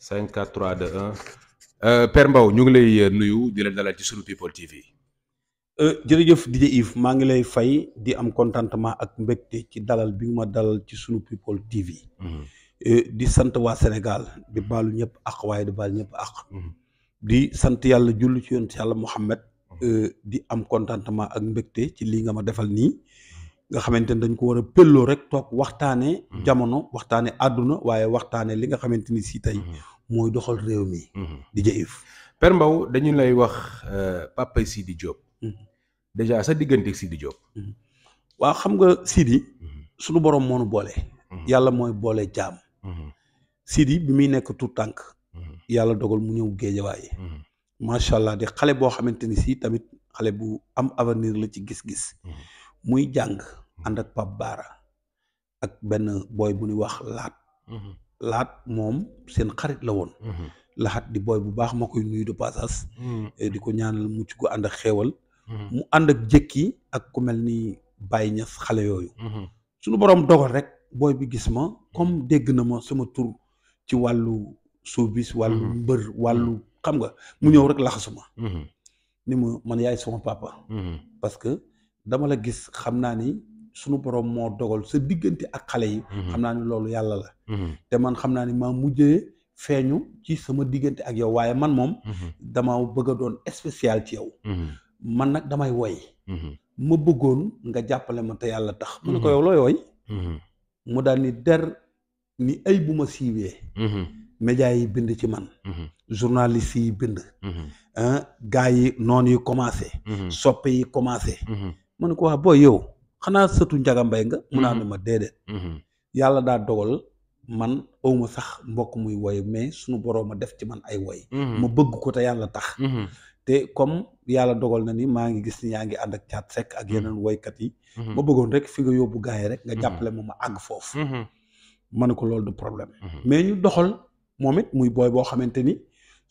5 4 3 2 ñu ngi lay euh, nuyu di la dalal ci sunu People TV. Euh, jërëjëf DJ maa ngi lay fay di am contentement ak mbégte ci dalal bi ma dalal ci sunu People TV. Mhm. Euh, di sant waa Sénégal di baalu ñëpp ak waaye di baal ñëpp ak. Mhm. di sant yàlla jullu ci yoon yàlla Mouhamed. Mhm. di am contentement ak mbégte ci lii nga ma defal nii. nga xamante ni dañ ko war a pëlloo rek toog waxtaanee. Mhm. jamono waxtaanee àdduna waaye waxtaanee li nga xamante ni si tey. Mhm. mooy doxal réew mi. Mhm. di jëf. Père Mbaw dañu lay wax euh, papa Sidi Diop. déjà sa diggante di Diop. waa xam nga Sidi. sunu borom moo nu boole. yàlla mooy boole jaam. Sidi bi muy nekk tout tànk. yàlla dogal mu ñëw géejawaay. macha allah de xale boo xamante ni si tamit xale bu am avenir la ci gis-gis. muy jàng ànd ak Pape Bara ak benn booy bu ñuy wax laat mhm. laat moom seen xarit la woon mhm. laxat di booy bu baax ma koy nuyu de passage mhm. eh, di ko ñaanal mucc ko ànd ak xeewal mu ànd ak jëkki ak ku mel ni Baye Niass xale yooyu suñu boroom dogal rek booy bi gis ma comme dégg na ma sama tur ci wàllu showbiz wàllu mbër wàllu xam nga mu ñëw rek laxasuma ni ma man yaay sama papa parce que dama la gis xam naa ni sunu borom moo dogal sa diggante ak xale yi mhm. xam naa ni loolu yàlla la mhm. te man xam naa ni maa mujjee feeñu ci sama diggante ak yow waaye man moom mhm. dama bëgg a doon spécial ci yow man nag damay woy ma bëggoon nga jàppale ma te yàlla tax mu ne ko yow looy woy mu daal ni der ni ay bu ma siiwee médias yi bind ci man journaliste yi bind ah, gars yi noon yi commencé soppe yi commencé ma ne ko wax booy yow xanaa sëtu Njaga Mbay nga mun naa mhm. ne ma déedéet mhm. yàlla daa dogal man awma sax mbokk muy woy mais suñu boroom a def ci man ay woy mhm. ma bëgg ko te yàlla tax te comme yàlla dogal na ni maa ngi gis ni yaa ngi ànd ak caat sekk ak yeneen woykat yi ma bëggoon rek fi nga yóbbu gaay rek nga jàppale ma ma àgg foofu ma ne ko loolu du problème mais ñu doxal moom it muy booy boo xamante ni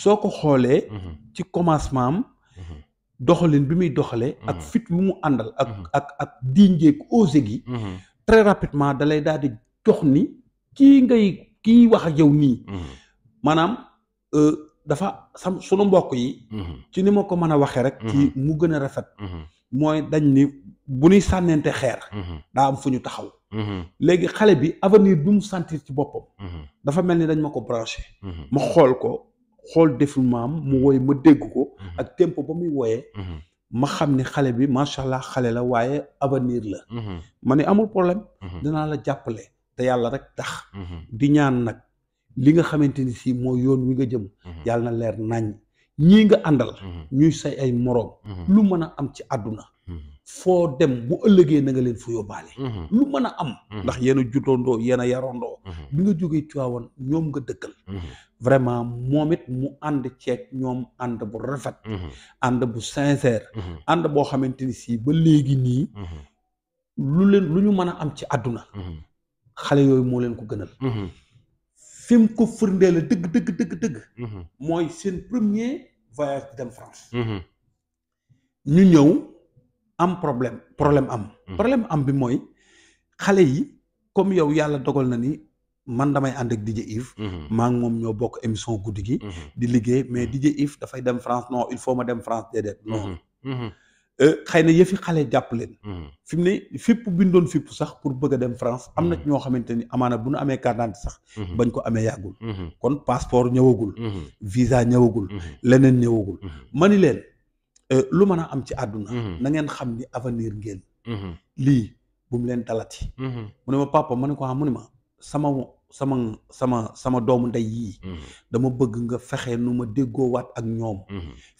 soo ko xoolee ci commencement am doxalin bi muy doxalee. ak mhm. fit bi mu àndal. ak mhm. ak ak diinjeeg osé gi. Mhm. très rapidement dalay lay daal di jox ni kii ngay kii wax ak yow nii. maanaam euh, dafa sam sunu mbokk yi. ci ni ma ko mën a waxee rek. ci mu gën a rafet. mooy dañ ni bu ñuy sànnente xeer. daa am fu ñu taxaw. léegi xale bi avenir bi mu sentir ci boppam. dafa mel ni dañ ma ko branché. ma xool ko. xool deful maam mu mm-hmm. woy ma dégg ko. Mm-hmm. ak tempo ba muy woyee. Mm-hmm. ma xam ni xale bi macha allah xale la waaye avenir la. ma ne amul problème. danaa la jàppale te yàlla rek tax. di ñaan nag li nga xamante ni sii mooy yoon wi nga jëm. yàlla na leer nañ ñii nga àndal. ñuy say ay moroom. lu mën a am ci àdduna. foo dem bu ëllëgee na nga leen fu yóbbaale mhm. lu mën a am mhm. ndax yéen a jutoondoo yarondoo mhm. bi nga jógee Tiwaawan ñoom nga dëkkal vraiment moom it mu ànd ceeg ñoom ànd bu rafet ànd bu sincère ànd boo xamante ni si ba léegi nii lu leen lu ñu mën a am ci àdduna xale yooyu moo leen ko gënal fi mu ko firndee la dëgg dëgg dëgg dëgg mooy seen premier voyage di dem France ñu ñëw am problème problème am. Mhm. problème am bi mooy xale yi comme yow yàlla dogal na ni man damay ànd ak DJ Yves. Mhm. maa ngi moom ñoo bokk émission guddi gi. Mhm. di liggéey mais DJ Yves dafay dem France il faut ma dem France déedéet non. Euh, xëy na yëfi xale jàpp leen. fi mu ne fépp bi ñu doon fépp sax pour bëgg a dem France am na ñoo xamante ni amaana bu ñu amee carte sax. bañ ko amee yàggul. kon passeport ñëwagul. visa ñëwagul. leneen ñëwagul. mani Euh, lu mën a am ci àdduna mhm. na ngeen xam ni avenir ngeen mhm. lii bu mu leen dalati mhm. mu ne ma papa ma ne ko ah mu ne ma sama sama sama sama doomu ndey yii dama bëgg nga fexe nu ma déggoowaat ak ñoom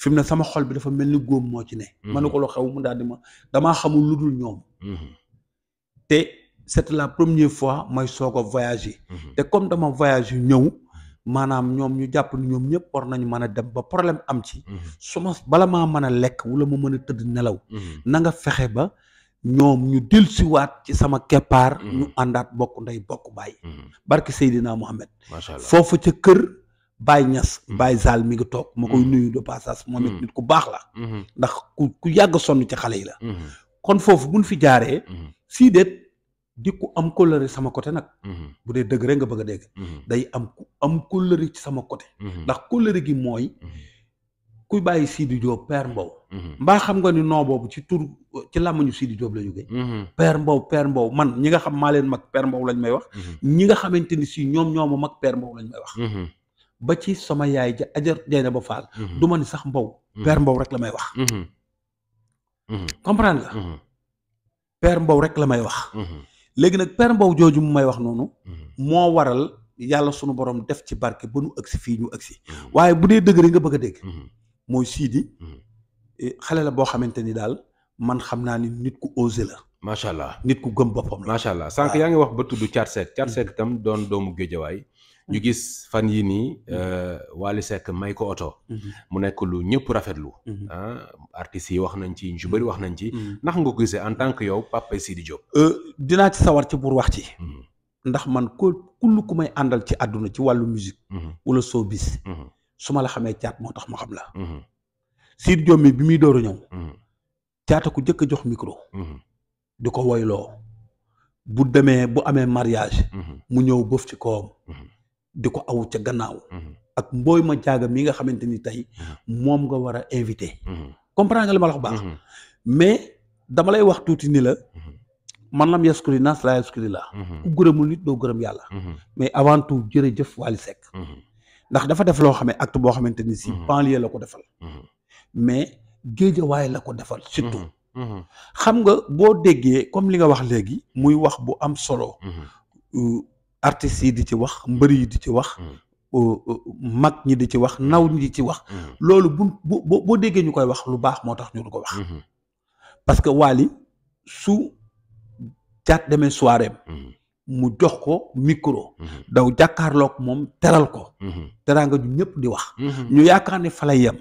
fi mu ne sama xol bi dafa mel ni góom moo ci ne ma ne ko lu xew mu daal di ma damaa xamul lu dul ñoom te c'était la première fois may soog a voyager te comme dama voyager ñëw maanaam ñoom ñu jàpp ni ñoom ñëpp war nañu mën a dem ba problème am ci. Mhm. su ma bala maa mën a lekk wala ma mën a tëdd nelaw. Mhm. na nga fexe ba ñoom ñu dellusiwaat ci sama keppaar. Mhm. ñu àndaat bokk ndey bokk baay. barke Seydina Mohamed. macha allah foofu ca kër Baye Niass. Baye Zal mi ngi toog ma koy nuyu de passage moom it nit ku baax la. ndax ku ku yàgg sonn ci xale yi la. kon foofu buñ fi jaaree. sii déet di ku am kóllëre sama côté nag. Mhm. bu dee dëgg nga bëgg a dégg. Mhm. day am ku am kóllëre ci sama côté. Mhm. ndax kóllëre gi mooy. ku bàyyi Sidi Diop Père Mbow. mbaa xam nga ni noo boobu ci tur ci làmmiñu Sidi Diop la jógee. Père Mbow Père Mbow man ñi nga xam maa leen mag Père Mbow lañ may wax. ñi nga xamante ni si ñoom ñoo ma mag Père Mbow lañ may wax. ba ci sama yaay ja ajar jayna ba faal. du ma ni sax Mbow. Père Mbow rek la may wax. comprendre nga. Père Mbow rek la may wax. léegi nag per jooju mu may wax noonu. Mhm. moo waral yàlla sunu borom def ci barke ba nu agsi fii ñu agsi mhm. waaye bu dee dëgg nga bëgg a dégg. Mhm. mooy siidi e, xale la boo xamante ni daal man xam naa ni nit ku osé la. macha allah nit ku gëm boppam la. macha allah sànq yaa ngi wax ba tudd Thiat Seck Thiat itam doon doomu géejawaay ñu mhm. gis fan yi nii mhm. euh, Wally Seck may ko oto. Mhm. mu nekk lu ñëpp rafetlu. Ah, artistes yi wax nañ ci ñu su bëri wax nañ ci. ndax nga en tant que yow Pape Sidi Diop. Euh, dinaa ci sawar ci wax ci. man ku kull ku may àndal ci àdduna ci wàllu musique. wala showbiz. su ma la xamee caat moo tax ma xam la. Sidi Diop mi bi muy door a ñëw. caata ku jëkk jox micro. di ko woyloo bu demee bu amee mariage. mu ñëw bëf ci kawam. di ko aw ca gannaaw. Mhm. ak mbooy ma jaaga mi nga xamante ni tey mhm. moom nga war a invité. Mhm. comprendre nga li ma la baax. mais dama lay wax tuuti ni la. man lam yaskuri naas laa yaskuri laa. ku gërëmul nit doo gërëm yàlla. mais avant tout jërëjëf Wally Seck. ndax dafa def loo xam ne acte boo xamante ni si banlieue la ko defal. mais géejawaay la ko defal surtout. xam nga boo déggee comme li nga wax léegi. muy wax bu am solo. Euh, artistes yi di ci wax mbër yi di ci wax. Mm. mag ñi di ci wax naw ñi di ci wax. Mm. loolu bu bu boo déggee ñu koy wax lu baax moo tax ñu du ko wax. Mm-hmm. parce que Wally su jaat demee soirée mm-hmm. mu jox ko micro. Mm-hmm. daw jàkkaarlook moom teral ko. teraanga ju ñëpp di wax. ñu yaakaar ne fa lay yem.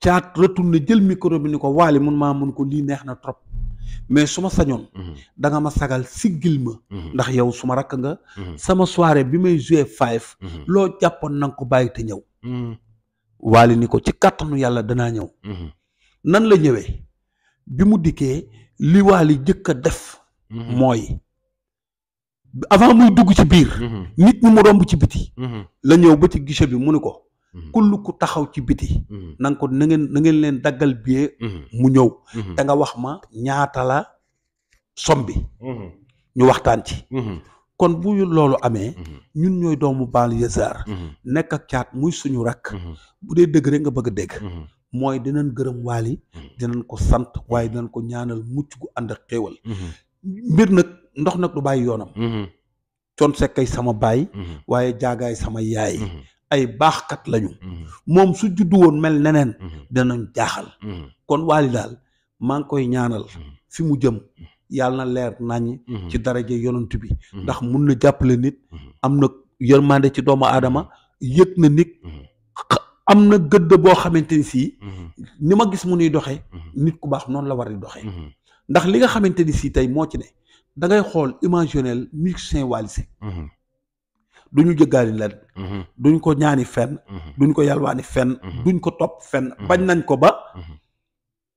caat retourné jël micro bi ni ko Wally mun maa mun ko lii neex na trop mais su ma sañoon. Mhm. da ma sagal siggil ma. Mhm. ndax yow su ma rakk nga. Mhm. sama soirée bi may joué five. loo jàppoon na ko bàyyi te ñëw. waali ni ko ci kàttanu yàlla danaa ñëw. nan la ñëwee bi mu dikkee li waali jëkk a def. mooy avant muy dugg ci biir. nit ñi mu romb ci biti. la ñëw ba ci guichet bi mu ni ko. kull mhm. ku taxaw ci biti. Mhm. na ko na ngeen ngeen leen daggal billet. Mhm. mu ñëw. da nga wax ma ñaata la somme bi. ñu waxtaan ci. kon bu loolu amee. ñun ñooy doomu Baal Yasar. nekka ak caat muy suñu rakk. bu dee dëgg nga bëgg a dégg. mooy dinan gërëm waali dinañ ko sant waaye dinañ ko ñaanal mucc gu ànd ak xéewal. mbir nag ndox nag du bàyyi yoonam. coon sama baay. waaye jaagaay sama yaay. ay baaxkat lañu. Mhm. moom su juddu woon mel neneen. Mhm. danañ jaaxal. Mhm. kon waali daal maa ngi koy ñaanal. fi mu jëm yàlla na leer naññ. ci daraja yonant bi. ndax mun na jàppale nit. am na yërmande ci doomu aadama yëg na nit. am na gëdd boo xamante ni sii. ni ma gis mu nuy doxee. nit ku baax noonu la war di doxee. ndax li nga xamante ni sii tey moo ci ne da ngay xool imaginaire musicien Wally si ñu jëggaani leen mhm. duñ ko ñaani fen mhm. duñ ko yalwaani fenn mhm. duñ ko topp fenn bañ nañ ko ba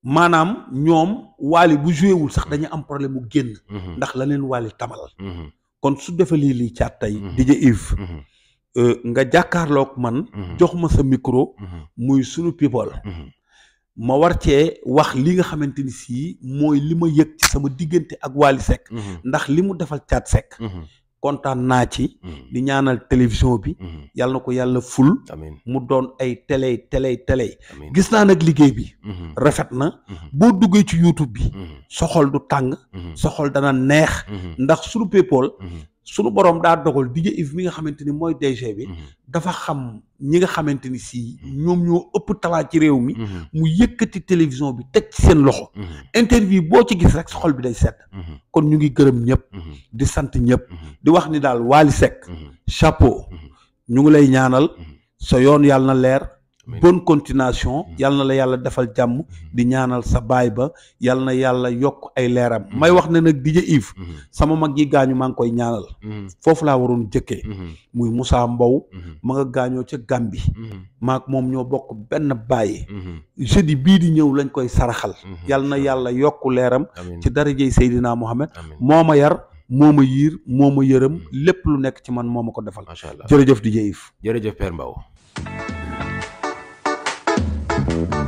maanaam ñoom waali bu joué sax dañu am problème mu génn ndax la leen waali tamal kon su defee lii lii caat tey DJ Yves euh, nga jàkkaarlook man jox ma sa micro muy sunu people ma war cee wax li nga xamante ni sii mooy li ma yëg ci sama diggante ak Wally Seck ndax li mu defal caat sekk kontaan naa ci. Mm-hmm. di ñaanal télévision bi. Mm-hmm. yàlla na ko yàlla ful. mu doon ay télé télé télé. gis naa nag liggéey bi. Mm-hmm. rafet na. boo duggee ci YouTube bi. soxol du tàng. soxol dana neex. ndax sunu people. suñu borom daa dogal DJ Yves mi nga xamante ni mooy DG bi. Mhm. dafa xam ñi nga xamante ni si ñoom ñoo ëpp talent ci réew mi. Mhm. mu yëkkati télévision bi teg ci seen loxo. Mhm. interview boo ci gis rek sa xol bi day set kon ñu ngi gërëm ñëpp. di sant ñëpp. di wax ni daal Wally Seck. chapeau ñu ngi lay ñaanal. sa yoon yàlla na leer. bonne continuation mm-hmm. yal na la yàlla defal jàmm mm-hmm. di ñaanal sa baay ba yal na yàlla yokk ay leeram mm-hmm. may wax na nag DJ Yves sama mag yi gaañu maa ngi koy ñaanal foofu laa waroon jëkkee muy Moussa Mbow ma nga gaañoo ca Gàmbi maak moom ñoo bokk benn baay jeudi bii di ñëw lañ koy saraxal yal na yàlla yokk leeram ci darajey Seydina Mohamed moo ma yar moo ma yiir moo ma yërëm lépp lu nekk ci man moo ma ko defal jërëjëf DJ Yves jërëjëf Père Mbow Thank you.